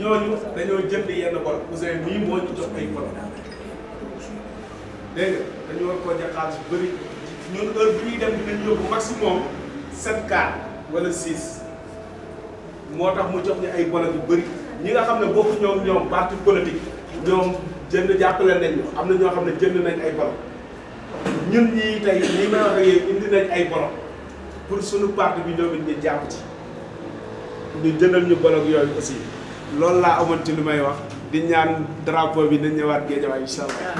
ñooñu dañoo jënd yenn bor Ousseyn mii moo ñu jox ay bor dégg nga dañu war koo jox xaalis dem dinañ yóbbu maximum 7 wala 6 moo tax mu jox ñu ay bor yu bëri ñi nga xam ne bokk ñoom ñoom parti politique ñoom jënd jàppale nañ ñu am na ñoo xam ne jënd nañ ay bor ñun ñii tey lii may indi nañ ay bor pour suñu parti bi ñoom it ñu jàpp ci ñu jëndal ñu bor yooyu aussi. loolu laa amoon ci lu may wax di ñaan drapeau bi dañ ñëwaat géejawaay incha allah.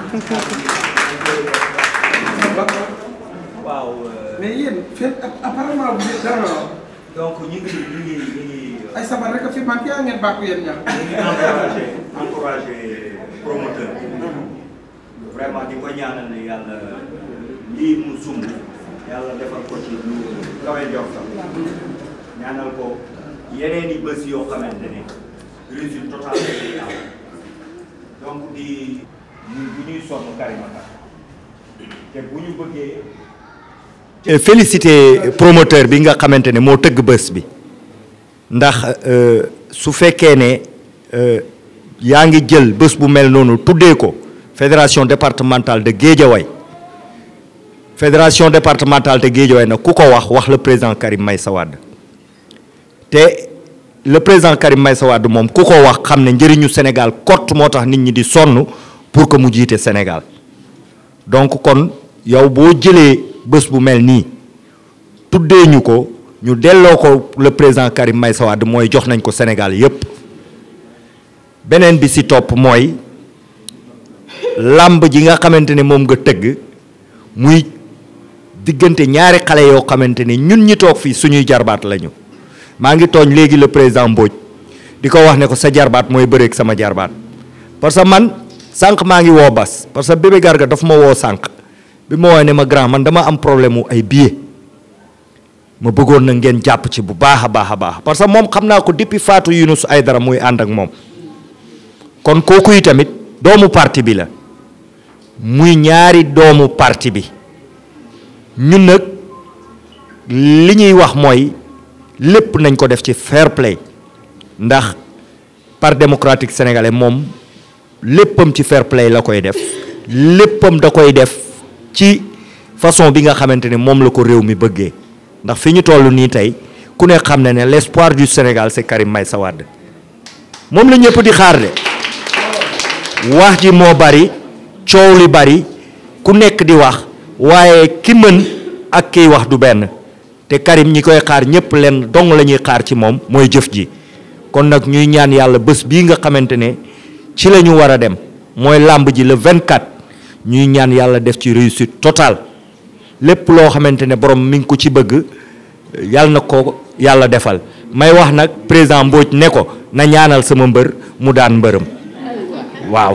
waaw. Euh, mais yéen fépp apparemment bu ngeen dara donc ñu ngi ñu ngi ñu ngi. Euh, ay sabar rek a fi manqué yaa ngeen bàkku yéen ñaar. ñu ngi encouragé encouragé promoteur. vraiment di ko ñaanal ne yàlla lii mu sumb yàlla defal ko ci lu kawe jox sax ñaanal ko yeneen i bés yoo réussite totale euh, félicité promoteur bi nga xamante ne moo tëgg bés bi ndax euh, su fekkee ne euh, yaa ngi jël bés bu mel noonu tuddee ko fédération départementale de Guédiawaye fédération départementale de Guédiawaye na ku ko wax wax la président Karim Meïssa Wade te. le président Karim Meïssa Wade moom ku ko wax xam ne njëriñu Sénégal kott moo tax nit ñi di sonn pour ko mu jiite Sénégal donc kon yow boo jëlee bés bu mel nii tuddee ñu ko ñu delloo ko le président Karim Meïssa Wade mooy jox nañ ko Sénégal yépp beneen bi si topp mooy làmb ji nga xamante ne moom nga tëgg muy diggante ñaari xale yoo xamante ne ñun ñi toog fii suñuy jarbaat lañu Mangi ngi tooñ le président Mbodj di wax ne ko sa jarbat moy bëreeg sama jarbat parce sa man sank maa ngi woo bas parce que bébé garga daf ma wo sank bi mo woo ma grand man dama am problème ou ay billet ma bëggoon na ngeen japp ci bu baax a baax parce que ko depuis Fatou ay dara moy and ak mom kon koku yi tamit doomu parti bi la muy ñaari doomu parti bi ñun nak liñuy wax moy lepp nañ ko def ci fair play ndax par démocratique sénégalais mom leppam ci fair play la koy def leppam da koy def ci façon bi nga xamanteni mom la ko rew mi bëggee ndax fiñu tollu ni tay ku ne xam ne espoir du Sénégal c'est Karim may sawad mom la ñëpp di xaar de wax ji mo bari ciow li bari ku nekk di wax waaye ki mën ak ki wax du benn te Karim ñi koy xaar ñëpp leen dong la ñuy xaar ci moom mooy jëf ji kon nag ñuy ñaan yàlla bés bii nga xamante ne ci la ñu war a dem mooy làmb ji la vingt 24 ñuy ñaan yàlla def ci réussite total lépp loo xamante ne borom mi ngi ko ci bëgg yàlla na ko yàlla defal may wax nag président Mbodj ne ko na ñaanal sama mbër mu daan mbërëm waaw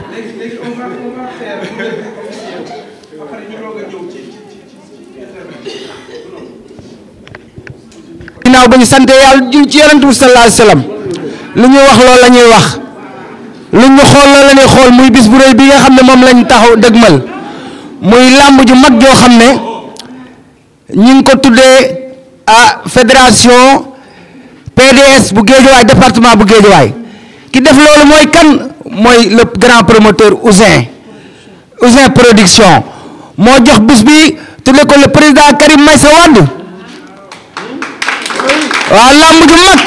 ginnaaw ba ñu sante yàlla jul ci yonent bi sallallahu alayhi lu ñu wax loolu la wax lu ñu xool loolu la ñuy xool muy bis bu rëy bi nga xam ne moom lañ taxaw dëgmal muy làmb ju mag joo xam ne ñu ngi ko tuddee à fédération PDS bu Géejawaay département bu Géejawaay ki def loolu mooy kan mooy le grand promoteur Ousin Ousin production moo jox bis bi tudde ko le président Karim Meïssa Wade waaw làmb ju mag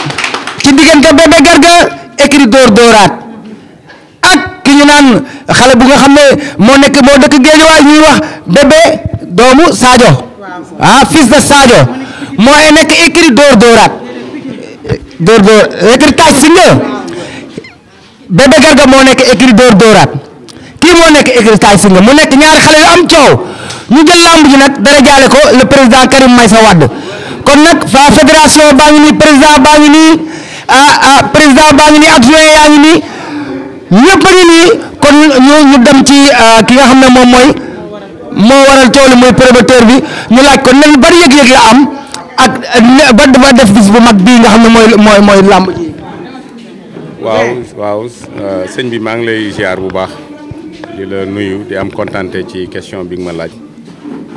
ci diggante Bébé Garga écrit dóor dóoraat ki ñu naan xale bu nga xam ne moo nekk moo dëkk Géejawaay ñuy wax Bébé doomu Sadio ah fils de nekk écrit dóor dóoraat dóor dóor écrit taaj si nga Bébé Garga moo nekk écrit dóor kii moo nekk écrit taaj si nga mu nekk ñaari xale yu am coow ñu jël làmb ji nag dara jaale ko le président Karim Meïssa Wade kon nag fa fédération baa ngi nii président baa ngi nii ah, ah yaa ngi nii ñëpp a ngi nii kon ñu ñu dem ci ah, ki nga xam ne moom mooy moo waral tool mooy promoteur bi ñu laaj kon nañu bari yëg-yëg la am ak ba ba def bis bu mag bii nga xam ne mooy mooy mooy làmb waaw waaw ah, sëñ bi maa ngi lay ziar bu baax li la nuyu di am kontaan ci question bi nga ma laaj.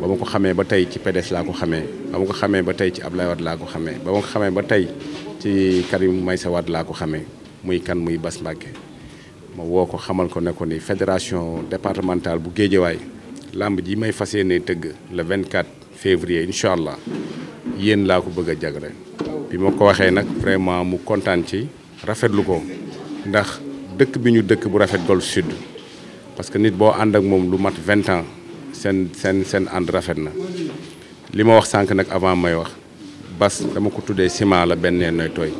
ba ma ko xamee ba tey ci PDS laa ko xamee ba ma ko xamee ba tey ci Abdoulaye wat laa ko xamee ba ma ko xamee ba tey ci Karim Meïssa Wade laa ko xamee muy kan muy bas Mbacké ma woo ko xamal ko ne ko ni fédération departementale bu Géejawaay làmb ji may fas yéene tëgg le 24 février incha allah yéen laa ko bëgg a jagre bi ma ko waxee nag vraiment mu kontaan ci rafetlu ko ndax dëkk bi ñu dëkk bu rafet Golf Sud parce que nit boo ànd ak moom lu mat 20 ans. seen seen seen ànd rafet na li ma wax sànq nag avant may wax bas dama ko tuddee ciment la benn nooy tooy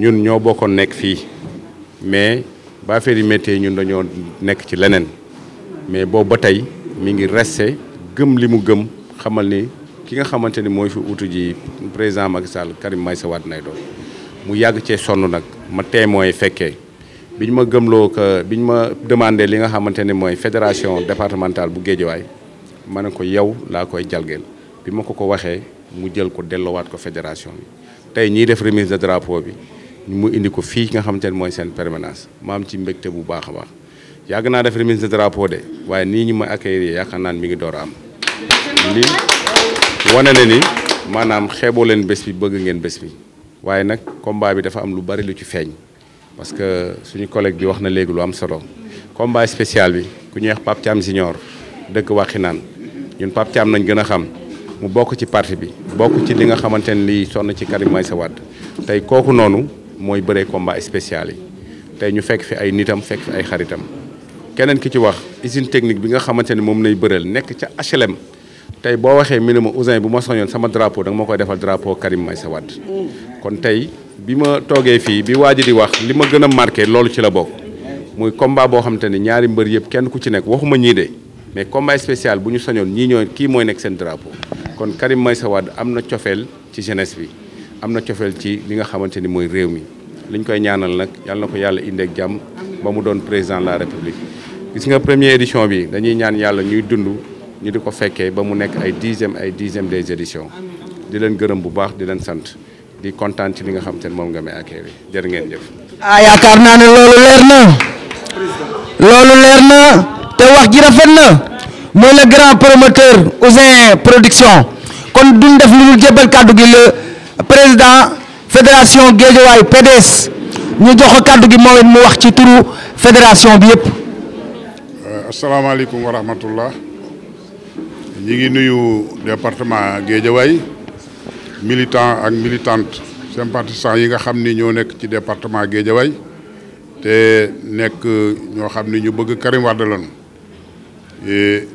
ñun ñoo bokkoon nekk fii mais ba affaire yi métier ñun dañoo nekk ci leneen mais boobu ba tey mi ngi resté gëm li mu gëm xamal ni ki nga xamante ni mooy fi utu ji président Macky Sall Karim Meïssa Wade nay doon mu yàgg cee sonn nag ma témoin fekkee. bi ñu ma gëmloo ko bi ñu ma demandé li nga xamante ne mooy fédération départementale bu Géejawaay ma ne ko yow laa koy jalgeel bi ma ko ko waxee mu jël ko dellowaat ko fédération bi tey ñiy def remise de drapeau bi mu indi ko fii nga xamante ne mooy seen permanence ma am ci mbégte bu baax a baax yàgg naa def remise de drapeau de waaye nii ñu ma accueillir yaakaar naan mu ngi door am lii wane na ni maanaam xeeboo leen bés bi bëgg ngeen bés bi waaye nag combat bi dafa am lu bari lu ci feeñ parce que suñu collègue bi wax na léegi lu am solo combat spécial bi ku ñuy wax Pape Thiam Junior dëkk naan ñun Pape Thiam nañ gën a xam mu bokk ci parti bi bokk ci li nga xamante ne lii sonn ci Karim Meïssa Wade tey kooku noonu mooy bëree combat spécial yi tey ñu fekk fi ay nitam fekk fi ay xaritam keneen ki ci wax usine technique bi nga xamante ne moom lay bëreel nekk ca HLM tey boo waxee minimum Ousin bu ma soñoon sama drapeau da nga ma koy defal drapeau Karim Meïssa bi ma toogee fii bi waa ji di wax li ma gën a marqué loolu ci la bokk muy combat boo xam te ñaari mbër yëpp kenn ku ci nekk waxuma ñii de mais combat spécial bu ñu sañoon ñii ñooy kii mooy nekk seen drapeau kon Karim Meïssa Wade am na cofeel ci jeunesse bi am na cofeel ci li nga xamante ni mooy réew mi li ñu koy ñaanal nag yàlla ko yàlla indeeg jàmm ba mu doon président la république gis nga première édition bi dañuy ñaan yàlla ñuy dund ñu di ko fekkee ba mu nekk ay dixième ay dixième des éditions di leen gërëm bu baax di leen sant di kontaan ci li nga xam te ne moom nga may accueil bi jërë ngeen jëf. Ah, yaakaar naa ne loolu leer na loolu leer na te wax ji rafet na mooy le grand promoteur Ouzin Production kon duñ def lu dul jébbal kàddu gi le président fédération Guédiawaye PDS ñu jox ko kàddu gi moom mu wax ci turu fédération bi yëpp. Euh, asalaamaaleykum wa rahmatullah ñi ngi nuyu département Guédiawaye militant ak militante sympathisant yi nga xam ni ñoo nekk ci département Guédiawaye te nekk ñoo xam ni ñu bëgg Karim Wade lañu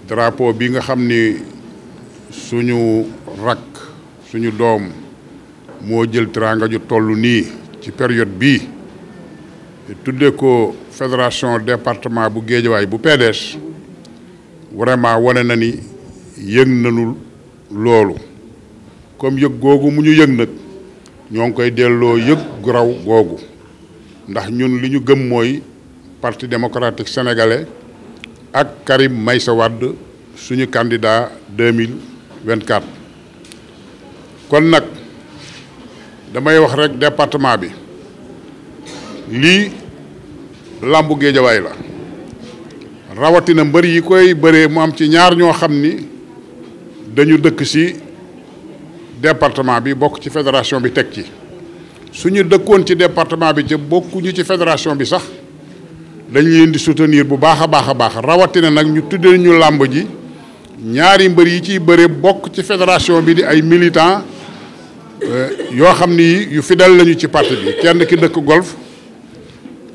drapeau bi nga xam ni suñu rak suñu doom moo jël teranga ju toll nii ci période bii tudde ko fédération département bu Guédiawaye bu PDS vraiment wane na ni yëg nañu loolu comme yëg googu mu ñu yëg nag ñoo ngi koy delloo yëg gu raw googu ndax ñun li ñu gëm mooy parti démocratique sénégalais ak Karim Meïssa Wade suñu candidat 2024 kon nag damay wax rek département bi lii làmbu géejawaay la rawatina mbër yi koy bëree mu am ci ñaar ñoo xam ni dañu dëkk si département bi bok ci fédération bi tek ci suñu dekkone ci département bi nous ñu ci fédération bi sax dañu leen di soutenir bu baax a baax rawati nous Nous ñu tuddee ñu lamb ji ñaari mbër yi ci fédération bi di militants euh, yo xamni fidèle lañu ci parti bi kenn ki golf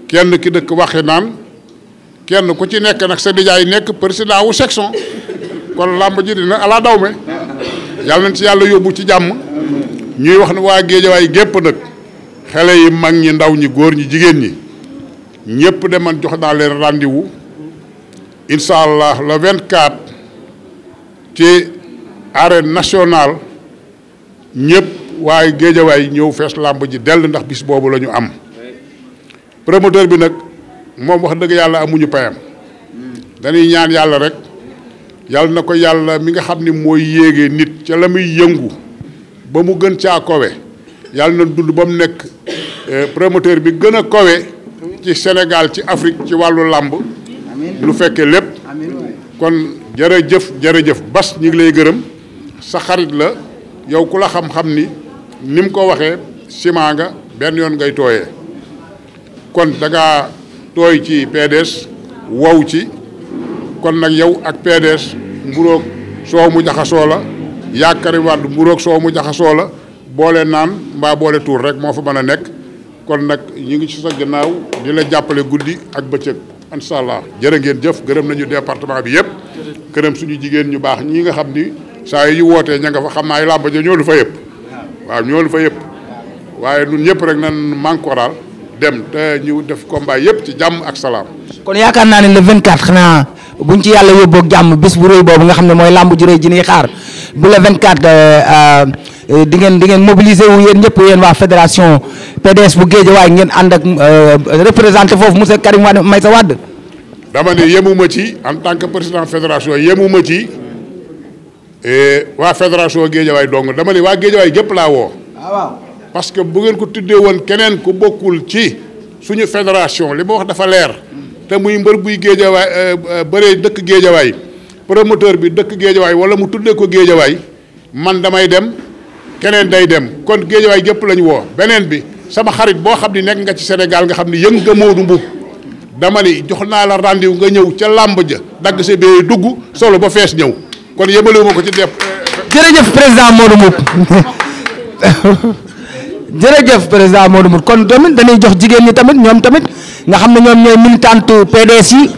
kenn ki kenn ku ci président wu section kon ji dina ala dawme yalla nañ ci yàlla yóbbu ci jamm ñuy wax na wa waa way gep nak xalé yi mag ñi ndaw ñi goor ñi jigen ñi ñepp de man jox naa leen rendez-vous inshallah le 24 ci arène nationale ñepp ñëpp waaye way ñew fess lamb ji del ndax bis bobu lañu am promoteur bi nak mom wax deug yalla amuñu payam dañuy ñaan yalla rek. yàlla na ko yàlla mi nga xam ni mooy yéegee nit ca la muy yëngu ba mu gën caa kowe yàlla na dund ba mu nekk eh, promoteur bi gën a kowe ci Sénégal ci Afrique ci wàllu làmb lu fekkee lépp kon jërëjëf jërëjëf Bas ñu ngi lay gërëm sa xarit la yow ku la xam-xam ni ni mu ko waxee ciment nga benn yoon ngay tooye kon da tooy ci PDS wow ci kon nag yow ak PDS mburoog soow mu jaxasoo la yaakari wàdd mburoog soow mu jaxasoo la boole naan mbaa boole tuur rek moo fa mën a nekk kon nag ñu ngi ci sa gannaaw di la jàppale guddi ak bëccëg incha allah jërë ngeen jëf gërëm nañu département bi yëpp gërëm suñu jigéen ñu baax ñi nga xam ni saa yi wootee ña nga fa xam naa ay làmba ja ñoo lu fa yëpp waaw ñoo fa yëpp waaye ñun ñëpp rek na nan mankoral dem te ñu def combat yëpp ci jàmm ak salaam. kon yaakaar naa ne buñ ci yalla yóbboog jamm bis bu reuy bobu nga xam moy mooy ju reuy ji ni xaar bu le 24 euh, euh, euh di ngeen di ngeen mobiliser wu yeen ñëpp yeen wa fédération PDS bu Guédiawaye ngeen and ak euh, représenter fofu monsieur Karim Wade Meïssa Wade. dama ne yemuma ci en tant que président fédération yemuma ci euh wa fédération Guédiawaye dong dama ne waa Guédiawaye gépp laa woo. Ah, waaw parce que bu ngeen ko tuddee won keneen ku bokul ci suñu fédération li mo wax dafa lèr te muy mbeur buy géejawaay eh, eh, bëree dëkk géejawaay promoteur bi dëkk géejawaay wala mu tuddee ko géejawaay man damay dem keneen day dem kon géejawaay gépp lañ wo benen bi sama xarit bo xamni nek nga ci Sénégal nga xamni ni yëng nga Modou Mboup dama ni jox naa la rendez-vous nga ñëw ca lamb ja dagg sa bee dugg solo ba fess ñëw kon yëbalewu ma ko ci def jërëjëf président Modou Mboup jërëjëf president Modou Mour kon tamit dañuy jox jigen ni tamit ñom tamit nga xamne ñom ñoy militante PDS yi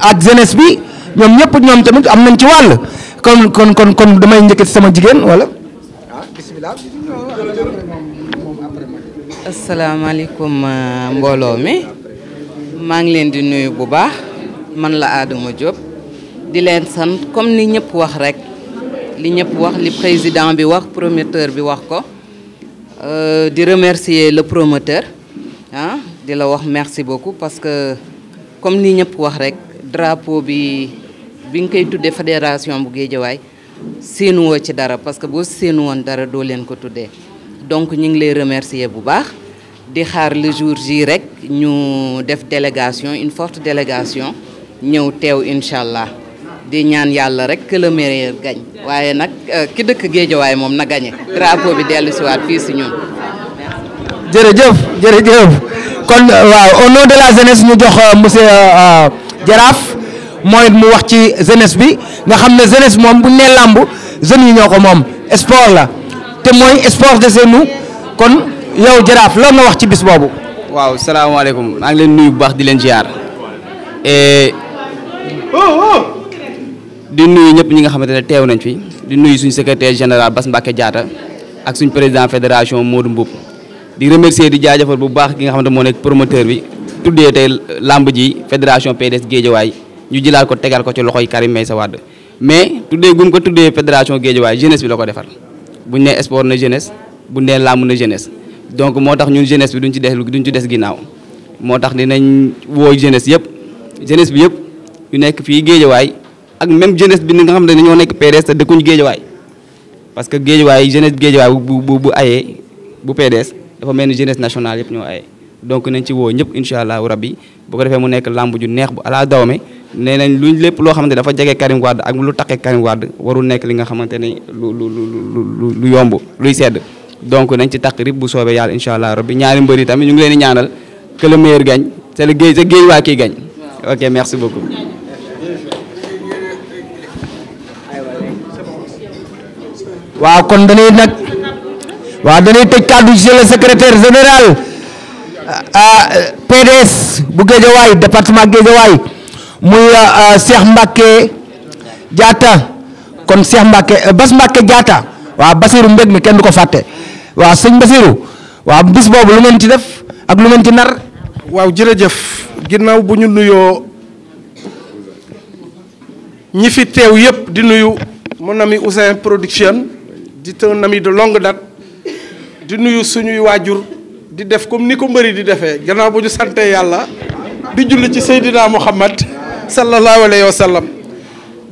ak jeunesse bi ñom ñep ñom tamit am nañ ci wàll kon kon kon kon damay njëkkati sama jigen wala. assalamu ah, alaykum euh, mbolo mi ma ngi len di nuyu bu baax man la Adama job di len sant comme ni ñep wax rek li ñep wax li président bi wax promoteur bi wax ko. Euh, di remercier le promoteur je ah, di wax merci beaucoup parce que comme ni ñëpp wax rek drapeau bi bi nga koy tuddee fédération bu Géejawaay séenuwoo ci dara parce que si nous won dara do len ko tuddee donc ñu ngi lay remercier bu baax di xaar le jour ji rek ñu def délégation une forte délégation Nous tew inshallah. di ñaan yàlla rek que le meilleur gagne waaye nag euh, ki dëkk waaye moom na gagné drapeau bi dellu si waat fii si ñun. jërëjëf jërëjëf kon euh, waaw au nom de la jeunesse ñu jox euh, monsieur Jaraaf mooy mu wax ci jeunesse bi nga xam ne jeunesse moom bu nee làmb jeunes yi ñoo ko moom sport la te mooy sport de chez kon yow Jaraaf loolu nga wax ci bis boobu. waaw salaamaaleykum maa ngi leen nuyu bu baax di leen ziar. di nuyu ñëpp ñi nga xamante ne teew nañ fi di nuyu suñu secrétaire général Bass Mbacké Diatta ak suñu président fédération Modou Mboup di remercier di jaajëfal bu baax ki nga xamante moo nekk promoteur bi tuddee tey lamb ji fédération PDS Guédiawaye ñu jëlaat ko tegal ko ci loxoy Karim Meïssa Wade mais tuddee gum ko tuddee fédération Guédiawaye jeunesse bi la ko defar bu ne sport na jeunesse buñ ne lamb na jeunesse donc moo tax ñun jeunesse bi duñ ci des duñ ci des ginnaaw moo tax dinañ woo jeunesse yëpp jeunesse bi yëpp ñu nekk ak même jeunesse bi ni nga xam ne dañoo nekk PDS te dëkkuñu géejawaay parce que géejawaay jeunesse géejawaay bu bu bu ayee bu PDS dafa mel ni jeunesse nationale yëpp ñoo ayee donc nañ ci woo ñëpp incha allah rabbi bu ko defee mu nekk làmb ju neex bu alaa dawme nee nañ luñ lépp loo xamante dafa jege Karim Wade ak lu taqee Karim Wade waru nekk li nga xamante ne lu lu lu lu yomb luy sedd donc nañ ci taq rib bu soobee yàlla incha allah rabbi ñaari mbër yi tamit ñu ngi leen di ñaanal que le meilleur gagne c'est waa kii gagne ok merci waaw kon dañuy nag waaw dañuy tëj kàddu ci le secrétaire général ah, ah, PDS bu Guédiawaye département Guédiawaye muy ah, Cheikh Mbacké Diatta kon Cheikh Mbacké eh, Bass Mbacké Diatta waaw Basiru Mbeg mi kenn du ko fàtte waaw Basiru waaw bis boobu lu ngeen ci def ak lu ngeen ci nar waaw jërëjëf ginnaaw bu ñu nuyoo ñi fi teew yëpp di nuyu mon ami Production un ami de longue date de def comme alayhi wa sallam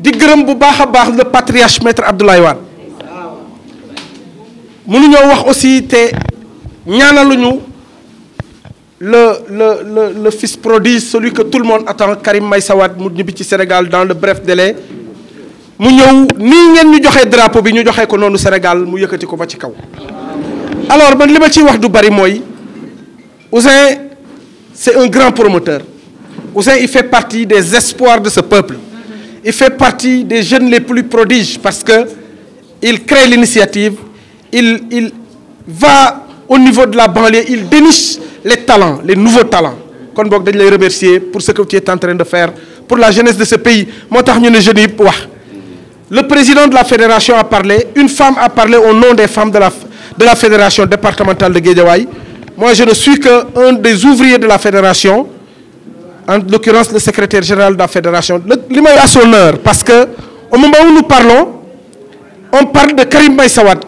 le patriarche maître Abdoulaye de wax aussi nous ñaanaluñu le le le le fils prodige celui que tout le monde attend Karim Maïsawad Wade Sénégal dans le bref délai mu ngeen ñu drapeau bi ñu ko Sénégal mu ko ci alors man li ma wax c'est un grand promoteur Ouzin il fait partie des espoirs de ce peuple il fait partie des jeunes les plus prodiges parce que il crée l'initiative il il va au niveau de la banlieue il déniche les talents les nouveaux talents kon bok dañ remercier pour ce que tu es en train de faire pour la jeunesse de ce pays Montagne ñu ne le président de la fédération a parlé, une femme a parlé au nom des femmes de la, de la fédération départementale de Guédiawaï. Moi, je ne suis qu'un des ouvriers de la fédération, en l'occurrence le secrétaire général de la fédération. L'image a son heure, parce que au moment où nous parlons, on parle de Karim Baïsawad,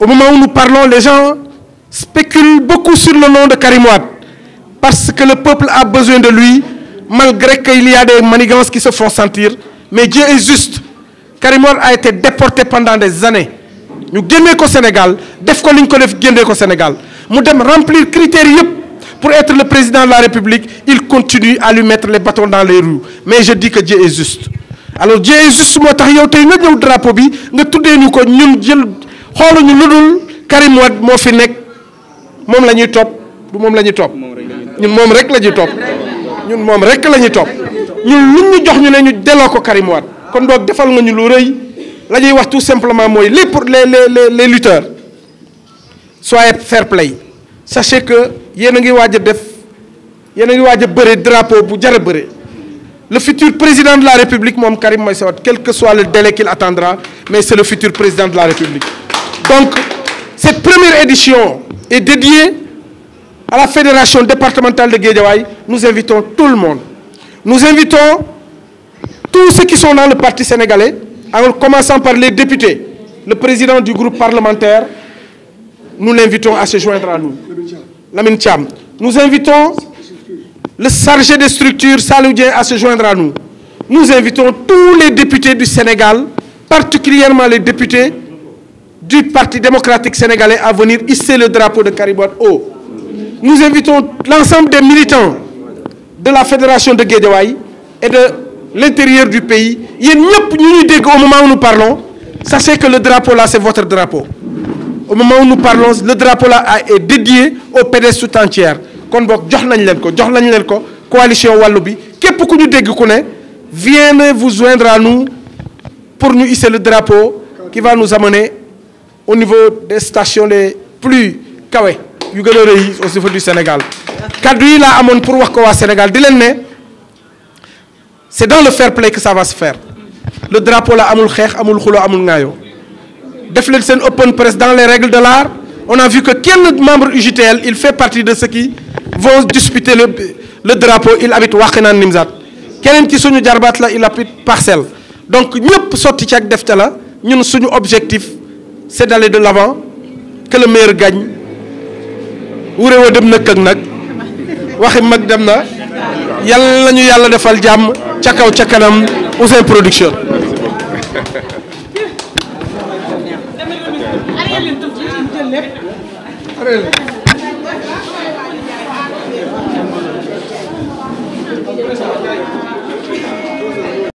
Au moment où nous parlons, les gens spéculent beaucoup sur le nom de Karim Ouad, parce que le peuple a besoin de lui, malgré qu'il y a des manigances qui se font sentir mais Dieu est juste Karim a été déporté pendant des années ñu génnee ko Sénégal def ko li ñu ko def génnee ko Sénégal mu dem remplir critères pour être le président de la République il continue à lui mettre les bâtons dans les roues mais je dis que Dieu est juste alors Dieu est juste Nous sommes yow tey nga Nous drapeau bi nga tuddee ñu ko ñun jël xooluñu lu dul Karim Wade moo fi nekk moom la ñuy rek ñun moom rek top ñun luñ ñu jox ñu Karim kon nga ñu lu tout simplement les les les les lutteurs soyez fair play sachez que yéen ngi a def drapeau le futur président de la république Karim quel que soit le délai qu'il attendra mais c'est le futur président de la république donc cette première édition est dédiée à la Fédération départementale de Guédiawaï, nous invitons tout le monde. Nous invitons tous ceux qui sont dans le Parti sénégalais, en commençant par les députés, le président du groupe parlementaire, nous l'invitons à se joindre à nous. Lamine Nous invitons le chargé des structures saloudien à se joindre à nous. Nous invitons tous les députés du Sénégal, particulièrement les députés du Parti démocratique sénégalais à venir hisser le drapeau de Karibouane haut. Oh, nous invitons l'ensemble des militants de la fédération de Guédiawaï et de l'intérieur du pays. Il y a au moment où nous parlons, sachez que le drapeau là, c'est votre drapeau. Au moment où nous parlons, le drapeau là est dédié aux PDS tout entière. kon jox coalition Wallobi, qui est beaucoup de dégg ku vous joindre à nous pour nous hisser le drapeau qui va nous amener au niveau des stations les plus yu gën au niveau du Sénégal kaddu yi laa amoon pour wax ko Sénégal di leen ne c'est dans le fair play que ça va se faire le drapeau la amul xeex amul xuloo amul ŋaayoo def leen seen open press dans les règles de l'art on a vu que quel membre UGTL il fait partie de ceux qui vont disputer le le drapeau il habite Quelqu'un qui est ci suñu jarbaat la il habite Parcelle. donc nous sommes ci ak là la ñun suñu objectif c'est d'aller de l'avant que le maire gagne wuré wa dem nëkk ak nag waxi mag dem na yàlla nañu yàlla defal jàmm ca kaw ca kanam Ouzin Production